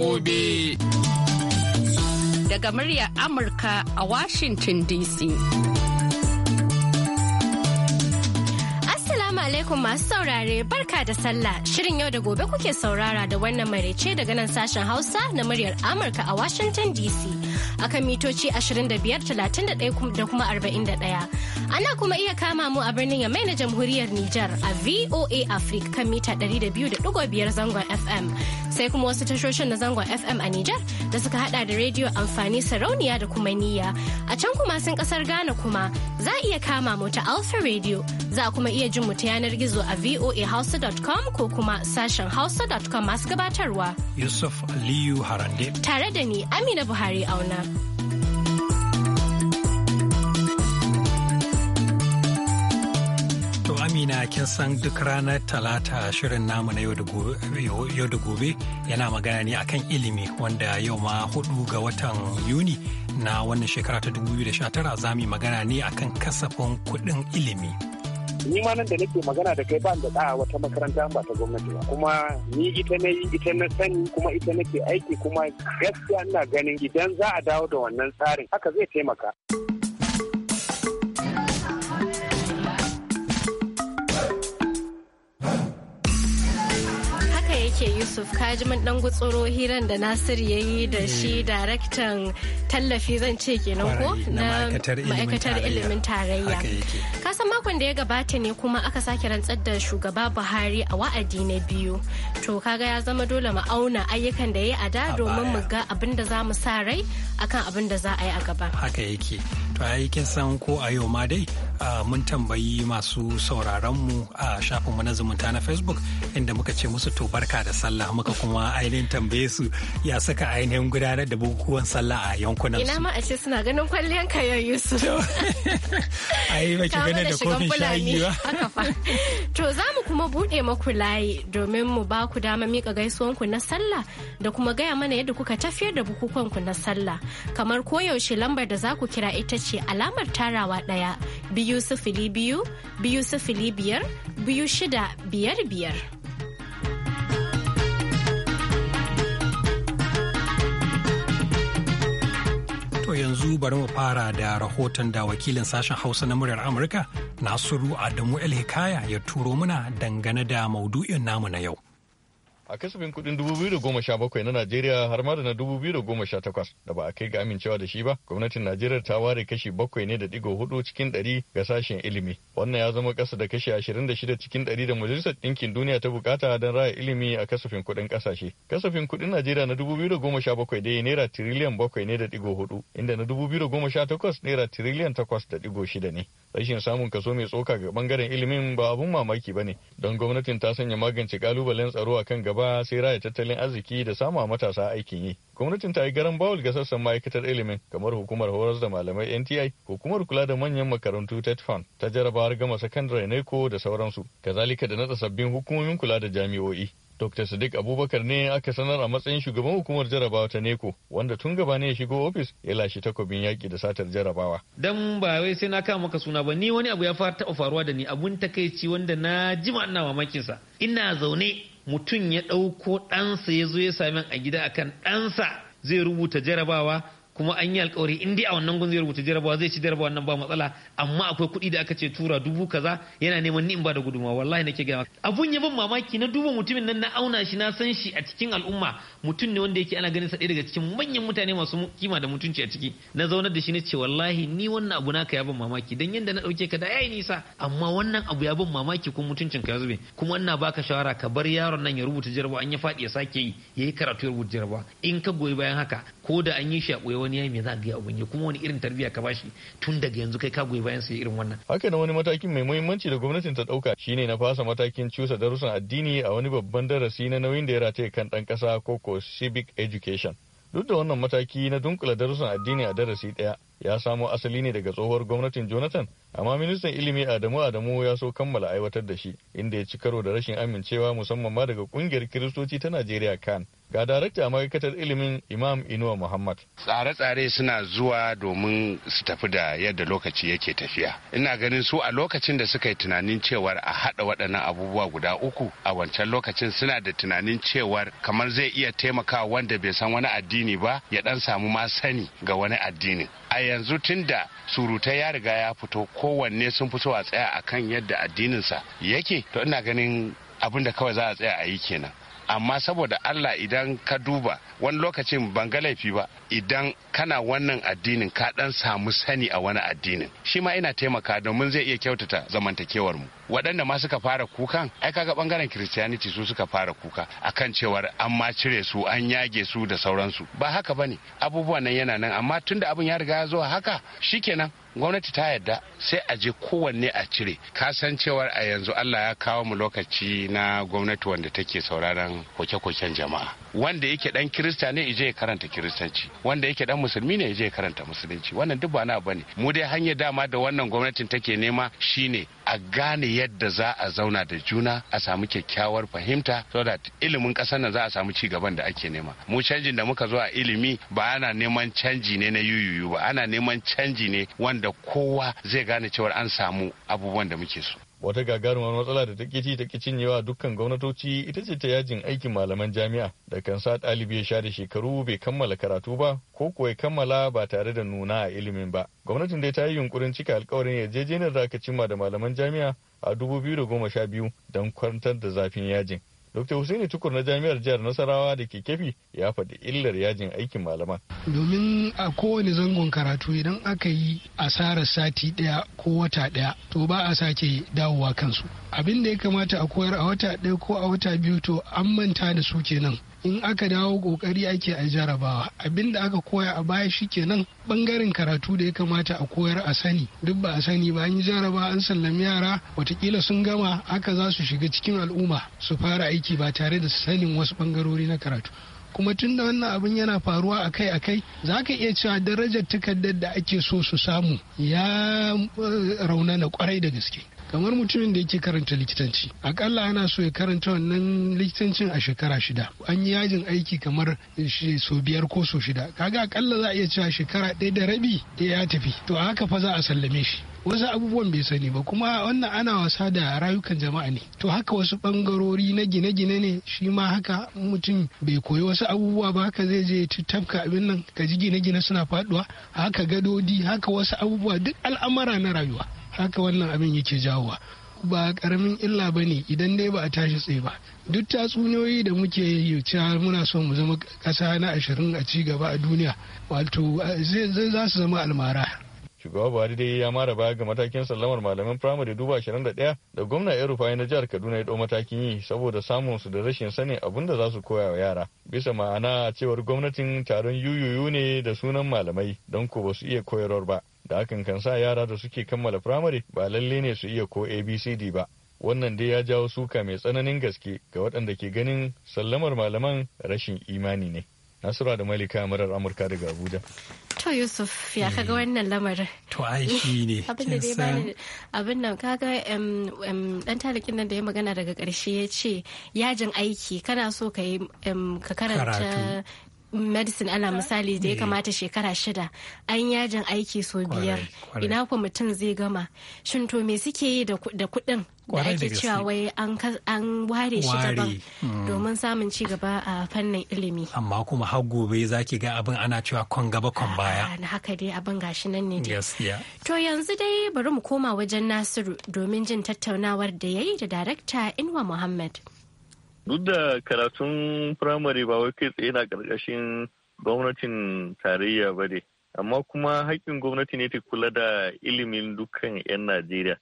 gobe. Daga muryar Amurka a Washington DC. Assalamu alaikum masu saurare barka da sallah shirin yau da gobe kuke saurara da wannan marece daga nan sashen Hausa na muryar Amurka a Washington DC. akan mitoci 25, 31 da kuma 41. Ana kuma iya kama mu a birnin Yamai na Jamhuriyar Nijar a VOA Africa kan mita 200.5 zangon FM. Sai kuma wasu tashoshin na zangon FM a Nijar da suka hada da rediyo amfani sarauniya da kuma niyya. A can kuma sun kasar Ghana kuma za a iya kama mu ta Alpha Radio. Za a kuma iya jin mu ta yanar gizo a voahausa.com ko kuma sashen hausa.com masu gabatarwa. Yusuf Aliyu Harande. Tare da ni Amina Buhari auna. Amina kin san duk ranar talata shirin namu na yau da gobe yana magana ne akan ilimi wanda yau ma hudu ga watan Yuni na wannan shekara ta 2019 za mu magana ne akan kasafin kuɗin ilimi. ni ma nan da nake magana da kai ban da da wata makaranta ba ta gwamnati ba kuma ni ita na yi ita na sani kuma ita nake aiki kuma gaskiya ina ganin idan za a dawo da wannan tsarin haka zai taimaka. yake Yusuf Kajiman dan gutsuro hiran da Nasir ya yi da shi daraktan tallafi zan ce kenan ko na ma'aikatar ilimin tarayya. Kasan makon da ya gabata ne kuma aka sake rantsar da shugaba Buhari a wa'adi na biyu. To kaga ya zama dole mu auna ayyukan da ya a da domin mu ga abin da za mu sa rai akan abin da za a yi a gaba. Haka yake. To kin san ko a yau ma dai mun tambayi masu sauraronmu a shafinmu na zumunta na Facebook inda muka ce musu to barka da sallah muka kuma ainihin tambaye su ya saka ainihin gudanar da bukukuwan sallah a yankunan su. Ina ma a ce suna ganin kwalliyan kayan Yusuf. Ai ki ganin da kofin shayi ba. To za mu kuma bude maku layi domin mu ba ku dama mika gaisuwan ku na sallah da kuma gaya mana yadda kuka tafiyar da bukukuwan ku na sallah. Kamar koyaushe lambar da za ku kira ita ce ce alamar tarawa ɗaya biyu sifili biyu biyu sifili biyar biyu shida biyar biyar. To yanzu bari mu fara da rahoton da wakilin sashen Hausa na muryar Amurka Nasiru Adamu El Hikaya ya turo muna dangane da maudu'in namu na yau. a kasafin kudin 2017 na Najeriya har ma da na 2018 da ba a kai ga amincewa da shi ba gwamnatin Najeriya ta ware kashi bakwai ne da digo hudu cikin ɗari ga sashen ilimi wannan ya zama kasa da kashi 26 cikin ɗari da majalisar ɗinkin duniya ta bukata don raya ilimi a kasafin kudin kasashe kasafin kudin Najeriya na 2017 dai naira tiriliyan bakwai ne da digo hudu inda na 2018 naira tiriliyan takwas da digo shida ne rashin samun kaso mai tsoka ga bangaren ilimin ba abun mamaki ba ne don gwamnatin ta sanya magance kalubalen tsaro a kan gaba gaba sai raya tattalin arziki da a matasa aikin yi. Gwamnatin ta yi garan bawul ga sassan ma'aikatar ilimin kamar hukumar horas da malamai NTI, hukumar kula da manyan makarantu TETFON ta jarabawar gama sakandare NECO da sauransu, kazalika da natsa sabbin hukumomin kula da jami'o'i. Dr. Sadiq Abubakar ne aka sanar a matsayin shugaban hukumar jarabawa ta Neko wanda tun gaba ne ya shigo ofis ya lashe takobin yaƙi da satar jarabawa. Dan ba wai sai na kama maka suna ba ni wani abu ya fara taɓa faruwa da ni abun takaici wanda na jima ina mamakinsa. Ina zaune mutum ya ɗauko ɗansa ya zo ya sami a gida akan ɗansa zai rubuta jarabawa kuma an yi alkawari in dai a wannan gun zai rubuta jarabawa zai ci jarabawa nan ba matsala amma akwai kuɗi da aka ce tura dubu kaza yana neman ni in ba da gudumawa wallahi nake gaya abun ya ban mamaki na duba mutumin nan na auna shi na san shi a cikin al'umma mutum ne wanda yake ana ganin sa ɗaya daga cikin manyan mutane masu kima da mutunci a ciki na zaunar da shi ne ce wallahi ni wannan abu naka ya ban mamaki dan yanda na ɗauke ka da yayi nisa amma wannan abu ya ban mamaki kuma mutuncin ka ya zube kuma ina baka shawara ka bar yaron nan ya rubuta jarabawa an ya faɗi ya sake yi yayi karatu ya rubuta jarabawa in ka goyi bayan haka ko da an yi shi a ɓoye wani yayi me za ka ga abun ya kuma wani irin tarbiyya ka bashi tun daga yanzu kai ka goyi bayan sa irin wannan haka na wani matakin mai muhimmanci da gwamnatin ta ɗauka shine na fasa matakin cusa darussan addini a wani babban darasi na nauyin da ya rataye kan ɗan ƙasa ko for civic education duk da wannan mataki na dunkula darussan addini a darasi daya ya samo asali ne daga tsohuwar gwamnatin jonathan amma ministan ilimi adamu adamu ya so kammala aiwatar da shi inda ya ci karo da rashin amincewa musamman ma daga kungiyar kiristoci ta najeriya kan Ga darakta ma'aikatar ilimin Imam Inuwa Muhammad. Tsare-tsare suna zuwa domin su tafi da yadda lokaci yake tafiya. Ina ganin su a lokacin da suka yi tunanin cewar a haɗa waɗannan abubuwa guda uku a wancan lokacin suna da tunanin cewar kamar zai iya taimakawa wanda bai san wani addini ba ya ɗan samu ma sani ga wani addinin. A yanzu tun da surutai ya riga ya fito kowanne sun fi so a tsaya akan yadda addininsa yake to ina ganin abin da kawai za a tsaya a yi kenan. amma saboda allah idan ka duba wani lokacin ban ga laifi ba idan kana wannan addinin ka dan samu sani a wani addinin shi ma ina taimaka domin zai iya kyautata zamantakewar mu waɗanda ma suka fara kukan ai kaga bangaren christianity su suka fara kuka akan cewar an ma cire su an yage su da sauransu ba haka bane abubuwan nan yana nan amma tunda abin ya riga ya zo haka shikenan gwamnati ta yarda sai a je kowanne a cire ka san cewar a yanzu allah ya kawo mu lokaci na gwamnati wanda take sauraron koke-koken jama'a wanda yake dan kirista ne ije ya karanta kiristanci wanda yake dan musulmi ne ya je karanta musulunci wannan duk ba na bane mu dai hanyar dama da wannan gwamnatin take nema shine a gane yadda za a zauna da juna a samu kyakkyawar fahimta so that ilimin kasar nan za a samu ci gaban da ake nema mu canjin da muka zo a ilimi ba ana neman canji ne na yuyuyu ba ana neman canji ne wanda kowa zai gane cewa an samu abubuwan da muke so wata gagarumar matsala da take ci take cinyewa dukkan gwamnatoci ita ce ta yajin aikin malaman jami'a da kan sa ɗalibi ya da shekaru bai kammala karatu ba ko kuwa ya kammala ba tare da nuna a ilimin ba gwamnatin dai ta yi yunkurin cika alkawarin yarjejeniyar da aka cimma da malaman jami'a a dubu da goma sha biyu don kwantar da zafin yajin Dr. Hussaini Tukur na Jami'ar Jihar Nasarawa da ke kefi ya faɗi illar yajin aikin malaman. Domin a kowane zangon karatu idan aka yi asarar sati ɗaya ko wata ɗaya to ba a sake dawowa kansu. Abin da ya kamata a koyar a wata ɗaya ko a wata biyu to an manta da su kenan. in aka dawo kokari ake a jarabawa abinda aka koya a baya shi shikenan bangaren karatu da ya kamata a koyar a sani duk ba a sani ba an yi jarabawa an sallami yara watakila sun gama aka za su shiga cikin al'umma su fara aiki ba tare da sanin wasu bangarori na karatu kuma tun da wannan abin yana faruwa akai-akai za ka iya cewa darajar takardar da ake so su samu ya eh, raunana kwarai da gaske kamar mutumin da yake karanta likitanci akalla ana so ya karanta wannan likitancin a shekara shida an yi yajin aiki kamar so biyar ko so shida kaga akalla za a iya cewa shekara ɗaya da rabi ɗaya ya tafi to a haka fa za a sallame shi wasu abubuwan bai sani ba kuma wannan ana wasa da rayukan jama'a ne to haka wasu bangarori na gine-gine ne shi ma haka mutum bai koyi wasu abubuwa ba haka zai je tafka abin nan ka ji gine-gine suna faduwa haka gadodi haka wasu abubuwa duk al'amara na rayuwa haka wannan abin yake jawowa ba karamin illa ba ne idan dai ba a tashi tsaye ba duk tatsuniyoyi da muke yi muna son mu zama kasa na ashirin a ci gaba a duniya wato zai za su zama almara shugaba buhari dai ya mara baya ga matakin sallamar malaman firamare duba ashirin da da gwamna ya rufa na jihar kaduna ya ɗau matakin yi saboda samun su da rashin sani abun da za su koya wa yara bisa ma'ana cewar gwamnatin taron yuyuyu ne da sunan malamai don ko ba su iya koyarwar ba da hakan kan sa yara da suke kammala firamare ba lalle ne su iya ko abcd ba wannan dai ya jawo suka mai tsananin gaske ga waɗanda ke ganin sallamar malaman rashin imani ne nasura da malika murar amurka daga abuja to yusuf ya kaga wannan lamarin to ai shi ne abin nan kaga dan talikin nan da ya magana daga karshe ya ce yajin aiki kana so ka yi ka karanta medicine ana misali da ya eh. kamata shekara shida an yajin aiki so biyar ina ku mutum zai gama shin to me suke yi da kuɗin da ake cewa wai an ware shi daban mm. domin samun ci gaba a fannin ilimi amma kuma har gobe za ki ga abin ana cewa kon gaba kon baya na haka dai abin gashi nan ne to yanzu dai bari mu koma wajen nasiru domin jin tattaunawar da ya yi da darakta inwa muhammad Duk da karatun firamare ba wai kai tsaye na ƙarƙashin gwamnatin tarayya ba ne, amma kuma haƙƙin gwamnati ne ta kula da ilimin dukkan 'yan Najeriya.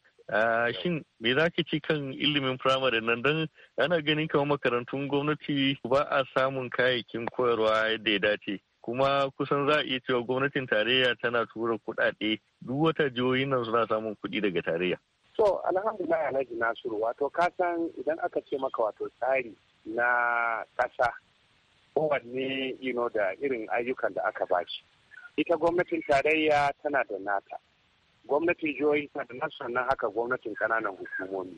shin me za ka ci kan ilimin firamare nan don ana ganin kamar makarantun gwamnati ba a samun kayayyakin koyarwa yadda ya dace kuma kusan za a iya cewa gwamnatin tarayya tana tura kuɗaɗe duk wata jihohin nan suna samun kuɗi daga tarayya. So alhamdulillah alhaji Nasiru wato kasan idan aka ce maka wato tsari na ƙasa kowanne you know, da irin ayyukan da aka bashi. Ita gwamnatin tarayya tana da nata. Gwamnatin jihohi tana da nasu sannan haka gwamnatin kananan hukumomi.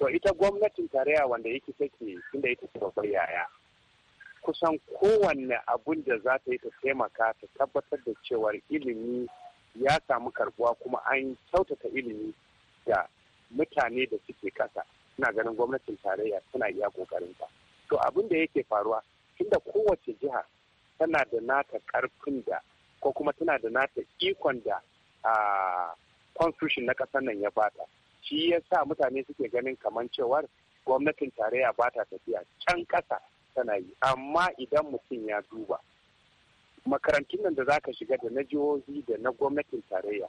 To ita gwamnatin tarayya wanda yake take inda ita ce babbar yaya. Kusan kowanne abun da za ta yi ta taimaka ta tabbatar da cewar ilimi ya samu karbuwa kuma an kyautata ilimi da mutane da suke kasa suna ganin gwamnatin tarayya suna iya ta to abin da yake faruwa tunda kowace jiha tana da nata karfin da ko kuma tana da nata ikon da a constitution na ƙasar nan ya bata shi ya sa mutane suke ganin kamar cewar gwamnatin tarayya ba ta tafiya can ƙasa tana yi amma idan mutum ya duba makarantun nan da za ka shiga da na jihohi da na gwamnatin tarayya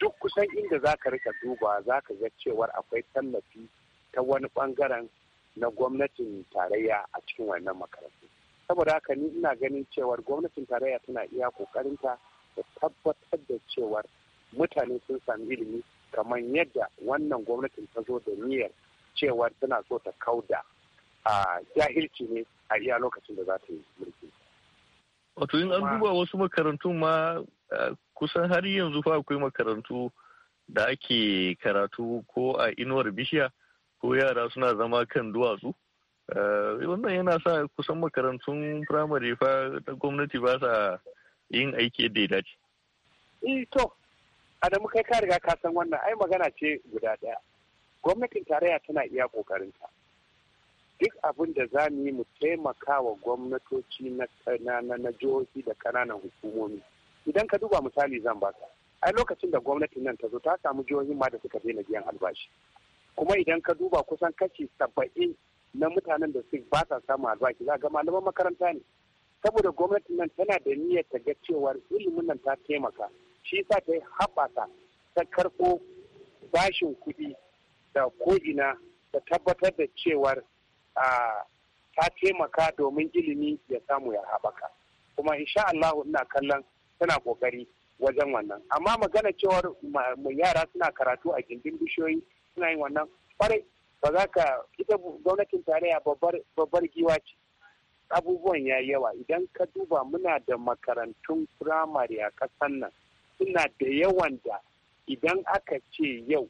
duk kusan inda za ka rika duba za ka ga cewar akwai tallafi ta wani bangaren na gwamnatin tarayya a cikin wannan makarantu saboda haka ni ina ganin cewar gwamnatin tarayya tana iya kokarinta da tabbatar da cewar mutane sun sami ilimi kamar yadda wannan gwamnatin ta zo da niyyar cewar tana so ta kauda a jahilci ne a iya lokacin da za ta yi mulki. Wato in an duba wasu makarantun ma kusan har yanzu fa akwai makarantu da ake karatu ko a inuwar bishiya ko yara suna zama kan duwatsu wannan yana sa kusan makarantun firamare fa da gwamnati ba sa yin aiki da ya dace. Eh, to adamu kai ka riga ka san wannan ai magana ce guda ɗaya gwamnatin tarayya tana iya ƙoƙarinta duk abin da za mu yi mu taimaka wa gwamnatoci na jihohi da kananan hukumomi idan ka duba misali zan baka ai lokacin da gwamnatin nan ta zo ta samu jihohin ma da suka daina biyan albashi kuma idan ka duba kusan kashi saba'in na mutanen da su ba sa samun albashi za ga malaman makaranta ne saboda gwamnatin nan tana da niyyar ta ga cewar ilimin nan ta taimaka shi sa ta yi haɓaka ta karɓo bashin kuɗi da ko'ina ta tabbatar da cewar ta taimaka domin ilimi ya samu ya haɓaka kuma insha Allah ina kallon tana kokari wajen wannan amma magana cewar yara suna karatu a gindin bishiyoyi suna yin wannan kwarai ba za ka ita gwamnatin tarayya babbar giwa ce abubuwan ya yawa idan ka duba muna da makarantun firamare a ƙasar nan suna da yawan da idan aka ce yau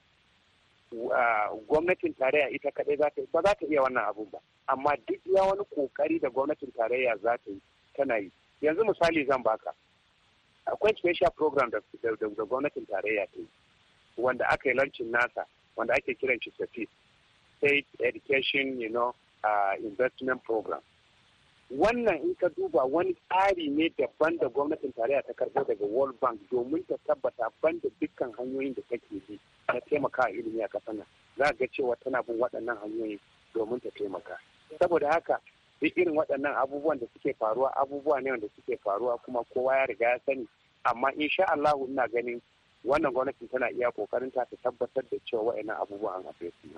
gwamnatin tarayya ita kaɗai za ta ba za ta iya wannan abun ba amma duk ya wani kokari da gwamnatin tarayya za ta yi tana yi yanzu misali zan baka akwai special program da gwamnatin tarayya ta yi wanda aka yi lancin nasa wanda ake kiran shi state state education you know uh, investment program wannan in ka duba wani tsari ne daban da gwamnatin tarayya ta karbo daga world bank domin ta tabbata ban da dukkan hanyoyin da take bi na taimaka ilimi a kasana nan za ga cewa tana bin waɗannan hanyoyi domin ta taimaka saboda haka duk irin waɗannan abubuwan da suke faruwa abubuwa ne wanda suke faruwa kuma kowa ya riga ya sani amma insha Allah ina ganin wannan gwamnati tana iya kokarin ta ta tabbatar da cewa waɗannan abubuwa an haɗe su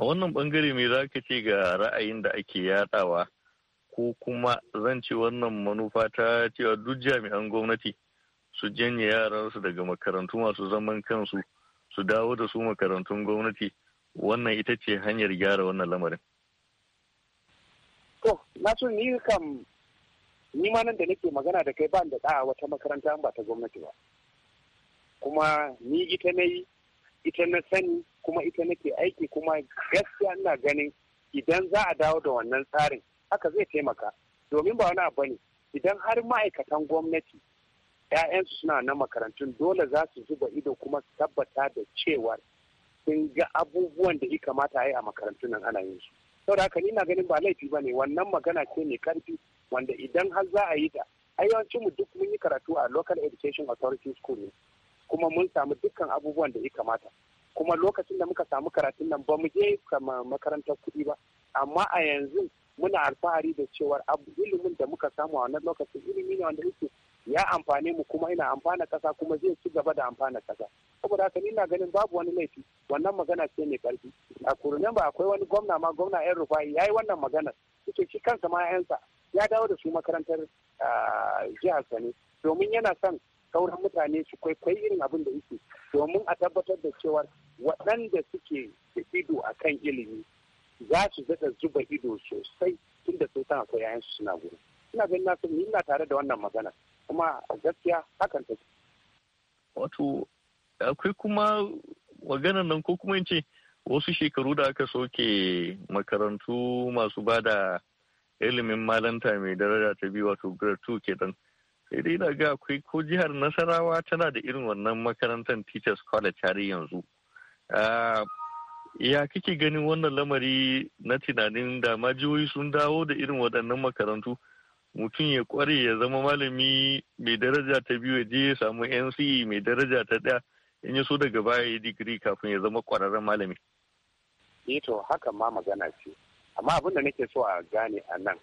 a wannan bangare me za ka ce ga ra'ayin da ake yadawa ko kuma zan ce wannan manufa ta cewa duk jami'an gwamnati su janye yaransu daga makarantu masu zaman kansu su dawo da su makarantun gwamnati wannan ita ce hanyar gyara wannan lamarin To, na so ni kam ni ma nan da nake magana da kai ba da ɗa wata makaranta ba ta gwamnati ba. Kuma ni ita na yi, ita na sani, kuma ita nake aiki kuma gaskiya ina ganin idan za a dawo da wannan tsarin haka zai taimaka. Domin ba wani abu ne, idan har ma'aikatan gwamnati ‘ya'yansu suna na makarantun dole za su zuba ido kuma tabbata da cewar sun ga abubuwan da ya kamata a yi a makarantun nan ana yin su. saboda haka ni na ganin ba laifi ba ne wannan magana ce mai karfi wanda idan har za a yi ta yawancin mu duk mun yi karatu a local education authority school ne kuma mun samu dukkan abubuwan da ya kamata kuma lokacin da muka samu karatun nan ba mu je makarantar kuɗi ba amma a yanzu muna alfahari da cewar ilimin da muka samu a wannan lokacin ilimi ne wanda yake ya amfane mu kuma ina amfana kasa kuma zai ci gaba da amfana kasa saboda haka ni na ganin babu wani laifi wannan magana ce mai karfi a kurunan ba akwai wani gwamna ma gwamna yan rufai ya yi wannan magana suke shi kansa ma yansa ya dawo da su makarantar jihar sani domin yana son sauran mutane su kwaikwai irin abin da yake domin a tabbatar da cewa waɗanda suke da ido a kan ilimi za su zata zuba ido sosai tunda sun san akwai yayan su suna gudu ina ganin na sun ina tare da wannan magana kuma gaskiya hakan take wato akwai kuma magana nan ko kuma in ce wasu shekaru da aka soke makarantu masu ba da ilimin malanta mai daraja ta biyu wato grade 2 kenan sai dai na ga akwai ko jihar nasarawa tana da irin wannan makarantar teachers college har yanzu ah, ya kike ganin wannan lamari na tunanin da ma jihohi sun dawo da irin waɗannan makarantu mutum ya kware ya zama malami mai daraja ta biyu ya je ya samu nce mai daraja ta ɗaya in ya so daga baya ya digiri kafin ya zama kwararren malami. eh to hakan ma magana ce amma abin da nake so a gane a nan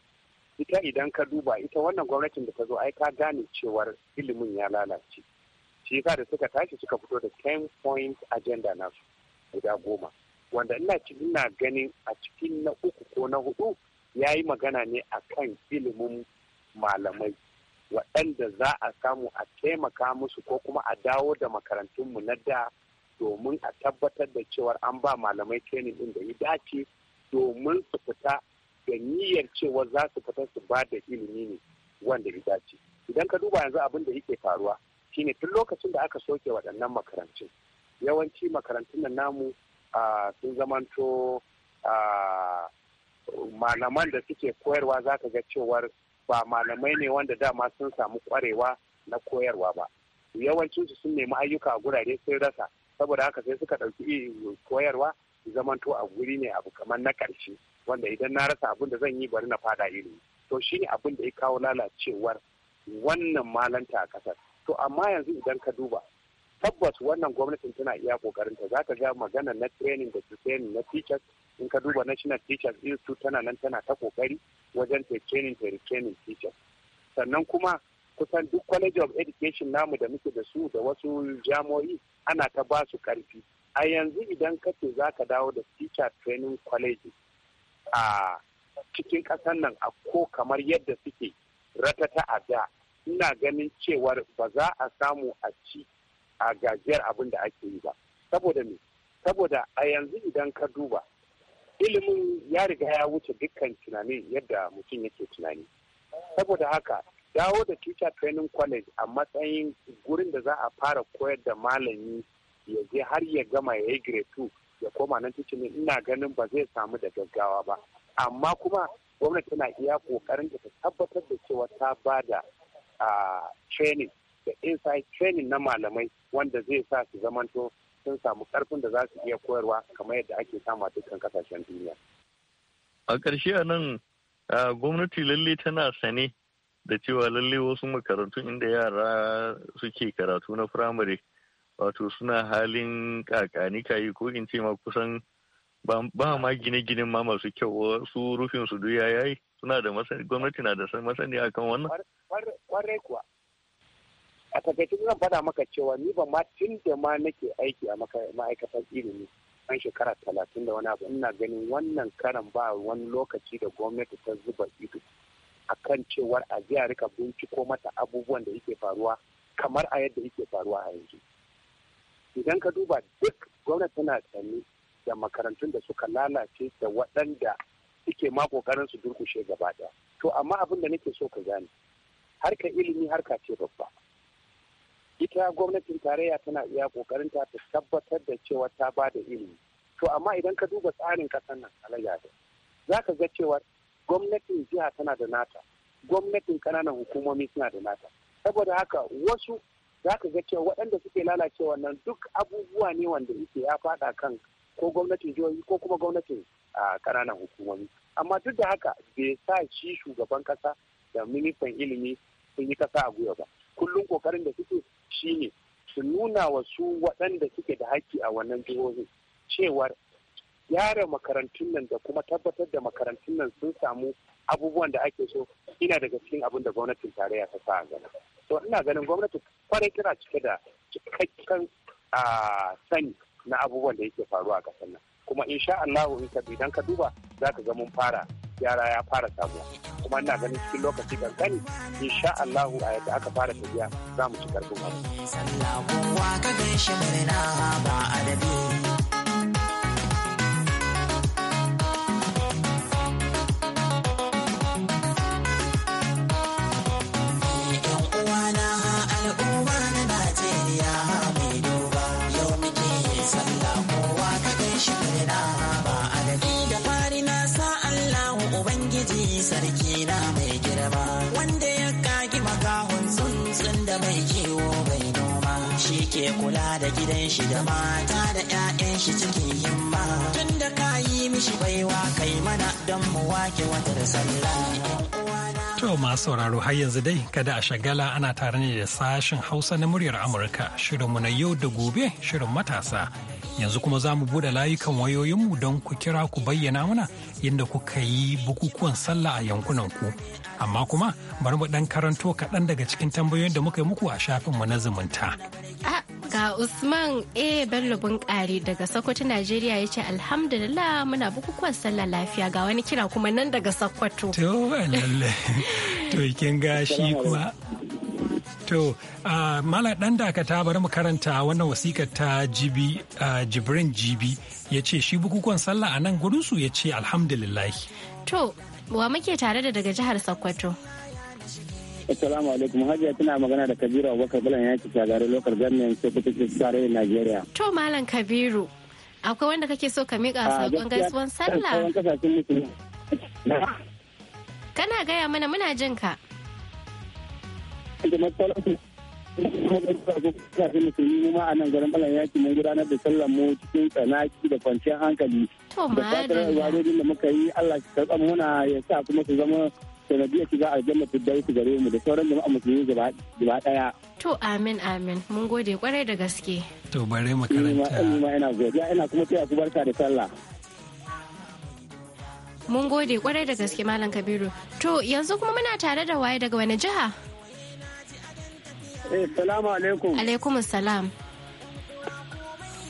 ita idan ka duba ita wannan gwamnatin da ta zo ai ka gane cewar ilimin ya lalace shi yasa da suka tashi suka fito da 10 point agenda nasu guda goma wanda ina na ganin a cikin na uku ko na hudu ya yi magana ne a kan ilimin malamai waɗanda za a samu a taimaka musu ko kuma a dawo da makarantunmu na da domin a tabbatar da cewa an ba malamai training din da ya dace domin su fita da niyyar cewa za su fita su ba da ilimi ne wanda ya dace idan ka duba yanzu abin da yake faruwa shine tun lokacin da aka soke waɗannan makarantun yawanci makarantun nan namu sun zamanto malaman da suke koyarwa za ka ga cewar ba malamai ne wanda dama sun samu kwarewa na koyarwa ba yawancinsu sun nemi ayyuka a gurare sun rasa saboda haka sai suka ɗauki koyarwa zamanto a guri ne abu kamar na ƙarshe wanda idan na rasa abin da zan yi bari na fada ilimi to shi ne abin da ya kawo lalacewar wannan malanta a ƙasar to amma yanzu idan ka duba tabbas wannan gwamnatin tana iya kokarin ta zaka ga magana na training da training na teachers in ka duba national teachers institute tana nan tana ta kokari wajen ta training ta training teachers sannan kuma kusan duk college of education namu da muke da su da wasu jami'o'i ana ta ba su karfi a yanzu idan kace za ka dawo da teacher training college a cikin ƙasar nan a ko kamar yadda suke ratata a da ina ganin cewar ba za a samu a ci a gajiyar abin da ake yi ba saboda me saboda a yanzu idan ka duba ilimin ya riga ya wuce dukkan tunani yadda mutum yake tunani saboda haka dawo da teacher training college a matsayin gurin da za a fara koyar da malami ya je har ya gama ya yi grade 2 ya koma nan teaching ina ganin ba zai samu da gaggawa ba amma kuma gwamnati tana iya kokarin ta tabbatar da cewa ta ba da training da inside training na malamai wanda zai sa su zamanto sun samu karfin da za su iya koyarwa kamar yadda ake sama dukkan kasashen duniya. A ƙarshe a nan gwamnati lalle tana sane da cewa lallai wasu makarantun inda yara suke karatu na firamare wato suna halin kakani kayi ko in ce ma kusan ba ma gine gine ma masu kyau su rufin su duya yayi suna da gwamnati na da masani akan wannan a takaitun zan fada maka cewa ni ba ma tun da ma nake aiki a ma'aikatar ilimi an shekara talatin da wani abu ina ganin wannan karan ba wani lokaci da gwamnati ta zuba ido akan cewar a ji rika binciko mata abubuwan da yake faruwa kamar a yadda yake faruwa a yanzu idan ka duba duk gwamnati tana sani da makarantun da suka lalace da waɗanda suke ma ƙoƙarin su durkushe gaba ɗaya to amma abin da nake so ka gane harka ilimi harka ce babba ita gwamnatin tarayya tana iya ƙoƙarin ta tabbatar da cewa ta bada ilimi to amma idan ka duba tsarin ƙasar nan alayya za ka ga cewa gwamnatin jiha tana da nata gwamnatin kananan hukumomi suna da nata saboda haka wasu za ka ga cewa waɗanda suke lalacewa nan duk abubuwa ne wanda yake ya faɗa kan ko gwamnatin jihohi ko kuma gwamnatin kananan hukumomi amma duk da haka bai sa shi shugaban kasa da ministan ilimi sun yi kasa a gwiwa ba kullum kokarin da suke shine su nuna wa su waɗanda suke da haƙƙi a wannan jihohin cewar gyara makarantun nan da kuma tabbatar da makarantun nan sun samu abubuwan da ake so ina daga cikin abin da gwamnatin tarayya ta sa a gaba to ina ganin gwamnati kwarai tana cike da cikakken sani na abubuwan da yake faruwa a ƙasar nan kuma insha Allah in ka idan ka duba za ka ga mun fara yara ya fara samuwa kuma ina ganin cikin lokaci kankani insha Allah a yadda aka fara tafiya za mu ci karfin wani. Sallahu wa ka gaishe murna ba adabi. da gidan shi da mata da 'ya'yan shi cikin himma tun da ka yi mishi baiwa kai mana don mu wake watar sallah To masu sauraro har yanzu dai kada a shagala ana tare ne da sashen Hausa na muryar Amurka shirinmu na yau da gobe shirin matasa. Yanzu kuma za mu buɗe layukan wayoyinmu don ku kira ku bayyana mana yadda kuka yi bukukuwan sallah a yankunanku. Amma kuma bari mu ɗan karanto kaɗan daga cikin tambayoyin da muka yi muku a shafinmu na zumunta. Uh, Usman A. Bello Bunkari daga Sokoto, Najeriya ya ce Alhamdulillah muna bukukuwan sallah lafiya ga wani kira kuma nan daga Sokoto. To, alalle. to, kin gashi kuma. To, uh, ah, Mala ɗan dakata bari mu karanta wannan wasikar ta Jibi, uh, Jibrin Jibi ya ce shi bukukuwan sallah a nan gudunsu ya ce Alhamdulillah. To, wa muke tare da daga jihar Sokoto? Assalamu alaikum Hajiya tana magana da Kabiru Abubakar Bulan ya ci shagarin lokal gannan sai kuta ci sare Najeriya. To Malam Kabiru akwai wanda kake so ka miƙa saƙon gaisuwan sallah? Kana gaya mana muna jin ka. kafin musulmi ma a nan garin balan yaki mun gudanar da sallar mu cikin tsanaki da kwanciyar hankali da fatar ibadodin da muka yi Allah ya karɓa muna ya sa kuma su zama sanadiyar ki za a janna ta dauki gare mu da sauran jama'a musulmi gaba daya. To amin amin mun gode kwarai da gaske. To bare makaranta. Ni ma ina godiya ina kuma taya ku barka da sallah. Mun gode kwarai da gaske Malam Kabiru. To yanzu kuma muna tare da waye daga wani jiha? Eh salamu alaikum. Alaikum salam.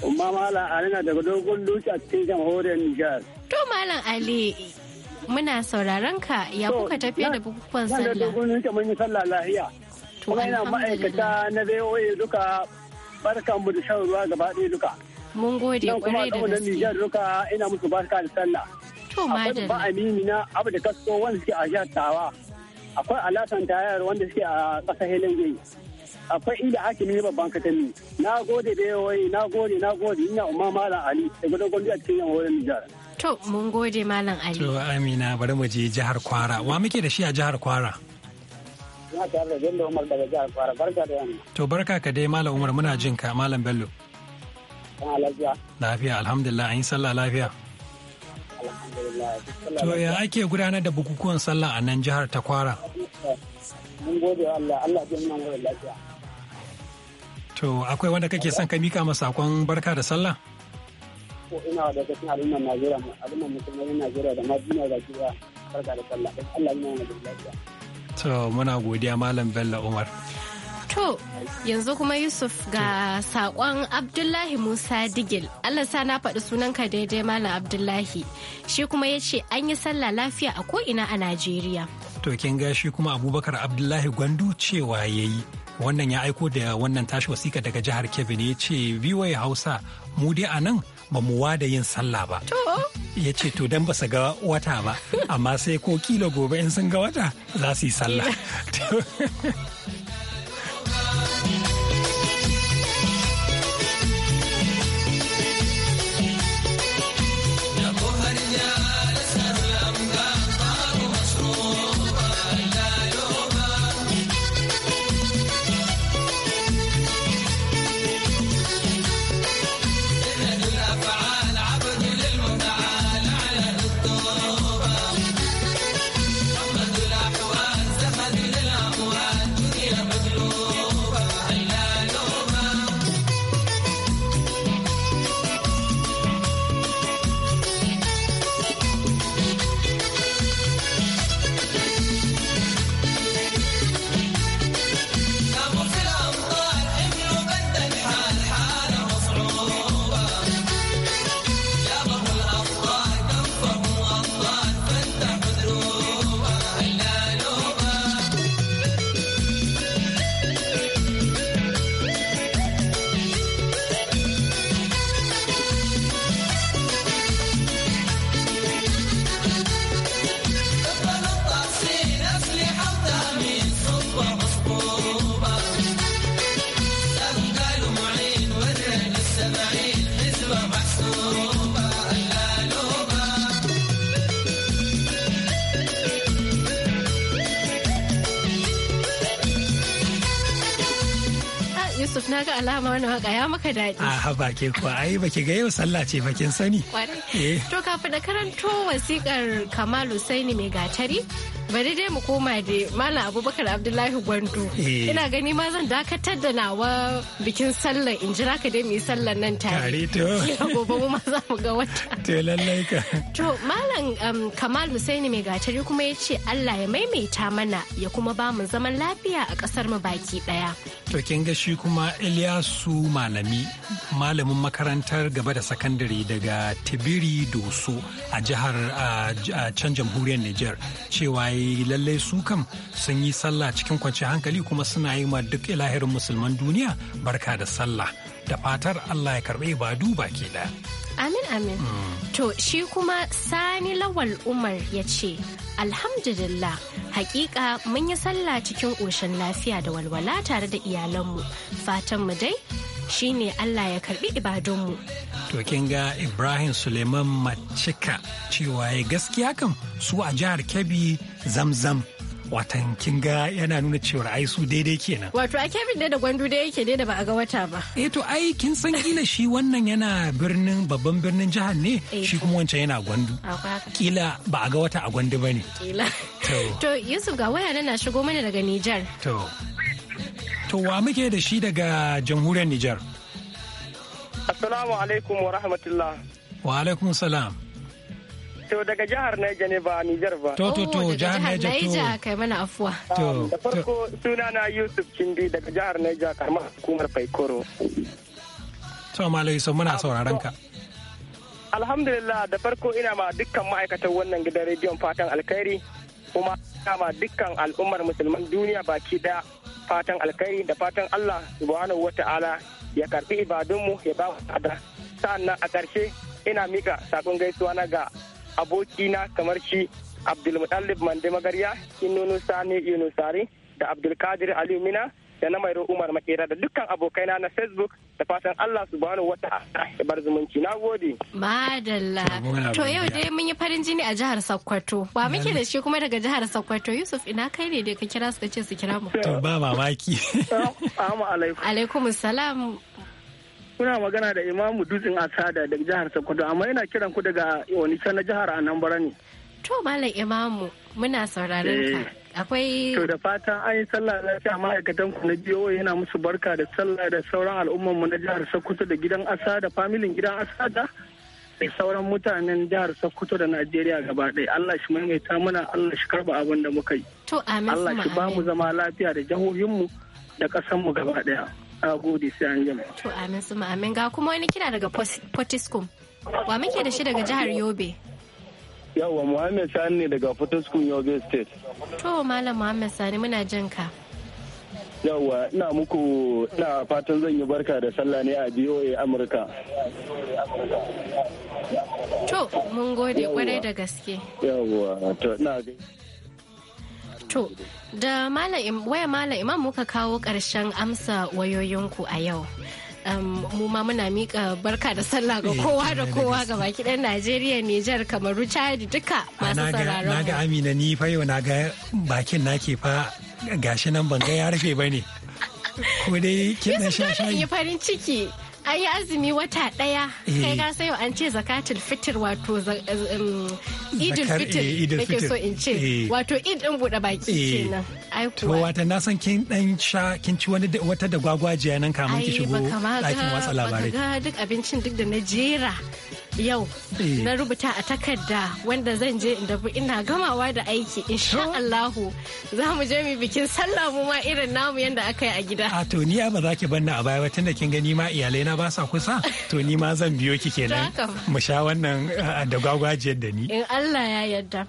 Umma Malam na daga dogon dutse a cikin jamhuriyar Nijar. To Malam Ali Muna sauraron ka ya kuka tafiya da bukukuwan sallah. Wanda dogon ta mun yi sallah lahiya. Kuma ina ma'aikata na VOA duka barkan mu da shan ruwa gaba ɗaya duka. Mun gode kwarai da gaske. Kuma da duka ina musu barka da sallah. To madalla. Ba amini na abu da kasko wanda suke a Tawa. Akwai alasan tayar wanda suke a ƙasar Helengei. akwai inda hakimi babban katami na gode da yawai na gode na gode ina Umar malam ali daga dogon a cikin yawon wurin nijar To mun gode Malam Ali. To Amina bari mu je jihar Kwara. Wa muke da shi a jihar Kwara? Ina tare da Bello Umar daga jihar Kwara. Barka da yamma. To barka ka dai Malam Umar muna jin ka Malam Bello. lafiya? Lafiya alhamdulillah an yi sallah lafiya. To ya ake gudanar da bukukuwan sallah a nan jihar ta Kwara? Mun gode Allah, Allah ya nuna mu lafiya. To akwai wanda kake son ka mika masa sakon barka da sallah? ko ina da daga da al'ummar Najeriya al'ummar Najeriya da ma duniya barka da sallah dan Allah yana da lafiya to muna godiya malam Bello Umar To yanzu kuma Yusuf ga sakon Abdullahi Musa Digil. Allah sa na faɗi sunanka daidai Malam Abdullahi. Shi kuma ya ce an yi sallah lafiya a ko'ina a Najeriya. To kin ga shi kuma Abubakar Abdullahi Gwandu cewa ya yi. Wannan ya aiko da wannan tashi wasika daga jihar Kebbi ne ya ce VOA Hausa mu dai a nan ba mu wada yin sallah ba ya ce to dan ba su ga wata ba amma sai ko kila gobe in sun ga wata za su yi sallah alama wani waka ya maka daɗi. A ah, haba ke kuwa ai baki ga yau sallah ce bakin sani. Eh. To kafin da karanto wasikar Kamal Husaini mai gatari bari dai mu koma da Malam Abubakar Abdullahi Gwandu. Eh. Ina gani ma zan dakatar da nawa bikin sallar in jira ka dai mu yi sallar nan tare. Tare to. gobe mu ma za mu ga wata. To lallai ka. To Malam um, Kamal Husaini mai gatari kuma ya ce Allah ya maimaita mana ya kuma ba mu zaman lafiya a ƙasar mu baki ɗaya. to kin ga shi kuma Ilyasu Malami malamin makarantar gaba da sakandare daga Tibiri Doso a jihar can jamhuriyar Nijar cewa lallai su kam sun yi sallah cikin kwanciyar hankali kuma suna yi ma duk ilahirin musulman duniya barka da sallah da fatar Allah ya karɓe ba duba ke da. Amin amin. To shi kuma sani lawal Umar ya ce, Alhamdulillah, hakika mun yi sallah cikin ƙoshin lafiya da walwala tare da iyalanmu. Fatanmu dai shi ne Allah ya karɓi ibadunmu. To kin ga Ibrahim Suleiman Macika cewa ya gaskiya kan su a jihar Kebbi zamzam watan kin ga yana nuna cewa ai su daidai kenan wato a kevin dai da gwandu dai yake dai da ba a ga wata ba eh to ai kin san kila shi wannan yana birnin babban birnin jihar ne eh shi kuma wancan yana gwandu kila ba a ga wata a gwandu bane kila to yusuf ga waya na shigo mana daga nijar to to wa muke da shi daga jamhuriyar nijar assalamu alaikum wa rahmatullah wa alaikum salam To daga jihar Niger ne ba Niger ba. To to to oh, jihar Niger to. Niger kai mana afuwa. To. Um, da farko suna na Yusuf Kindi daga jihar Niger karma hukumar Faikoro. To Malai so muna sauraron ka. Alhamdulillah da farko ina ma dukkan ma'aikatan wannan gidan rediyon fatan alkhairi kuma ina ma dukkan al'ummar musulman duniya baki daya fatan alkhairi da fatan Allah subhanahu wata'ala ya karbi ibadunmu ya ba mu sa'annan a ƙarshe ina mika sakon gaisuwa na ga abokina kamar shi abdulmutallib mande magarya inunu sani yunusari da abdulkadir aliyu mina da na mairo umar makera da dukkan abokaina na facebook da fatan allah subhanahu wa wata ya bar zumunci na gode madalla to yau dai mun yi farin jini a jihar sokoto ba muke da shi kuma daga jihar sokoto yusuf ina kai ne da ka kira su ka ce su kira mu to ba mamaki alaikum salam Kuna magana da Imamu Dutsen Asada da jihar Sokoto amma yana kiran ku daga Onitsha na jihar Anambra ne. To Malam Imamu muna sauraron ka. Eh. Akwai To da fatan an yi sallah lafiya ma'aikatan ku na jiyo yana musu barka da sallah da sauran al'umman mu na jihar Sokoto da gidan Asada familin gidan Asada da sauran mutanen jihar Sokoto da Najeriya gaba ɗaya. Allah shi maimaita mana Allah shi karba abin da muka yi. To amin Allah shi ba mu zama lafiya da jahohin mu da ƙasar mu gaba ɗaya. a gode sai an gama. to amin su amin ga kuma wani kira daga potiskum wa muke da shi daga jihar yobe yawwa Muhammad sani ne daga potiskum yobe state to malam Muhammad sani muna jin ka yawwa ina muku na fatan zan yi barka da sallah ne a BOA Amurka. To, mun gode kwarai da gaske. Yawwa, to, ina na To, da waya Malam Imam muka kawo ƙarshen amsa wayoyinku a yau. mu ma muna mika barka da sallah ga eh, kowa da kowa ga baki ɗan Najeriya, Nijar, Kamaru, Chadi duka masu sauraron. Na ga Amina ni fa yau na ga bakin nake fa gashi nan ban ga ya rufe ba ne. Ko dai kin farin ciki. a yi azumi wata ɗaya kai eh. ka sayo an ce zakatul fitir wato um, um, idul fitir eh, nake so in ce eh. wato idin buɗe baki kenan To wata na san kin dan sha kin ci wani wata da gwagwajiya nan kamun ki shigo ɗakin watsa labarai. Ga duk abincin duk da na jera yau eh. na rubuta a takarda wanda zan je in ina gamawa da aiki insha Allahu za mu je mu bikin sallah mu ma irin namu yanda aka yi a gida. A to ni ba za ki banna a baya ba tunda kin gani ma iyalai na ba sa kusa to ni ma zan biyo ki kenan mu sha wannan eh, da gwagwajiyar da ni. In Allah ya yarda.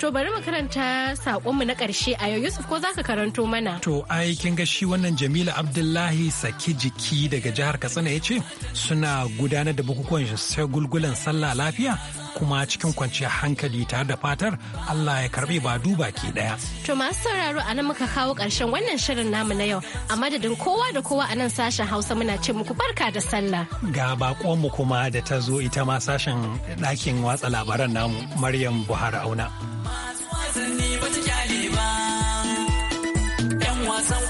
To bari mu karanta saƙonmu na ƙarshe a yau Yusuf ko za ka karanto mana. To ai kin ga shi wannan Jamila Abdullahi saki jiki daga jihar Katsina ya ce suna gudanar da bukukuwan gulgulan sallah lafiya kuma cikin kwanciyar hankali tare da fatar Allah ya karbe ba duba ke daya. To masu sauraro a nan muka kawo ƙarshen wannan shirin namu na yau a madadin kowa da kowa a nan sashen Hausa muna ce muku barka da sallah. Ga bakonmu kuma da ta zo ita ma sashen ɗakin watsa labaran namu Maryam Buhari Auna. wasanni ba ta kyale ba. 'Yan wasan